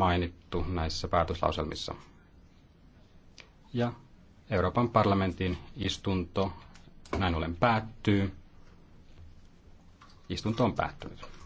mainittu näissä päätöslauselmissa. Ja Euroopan parlamentin istunto näin ollen päättyy. Istunto on päättynyt.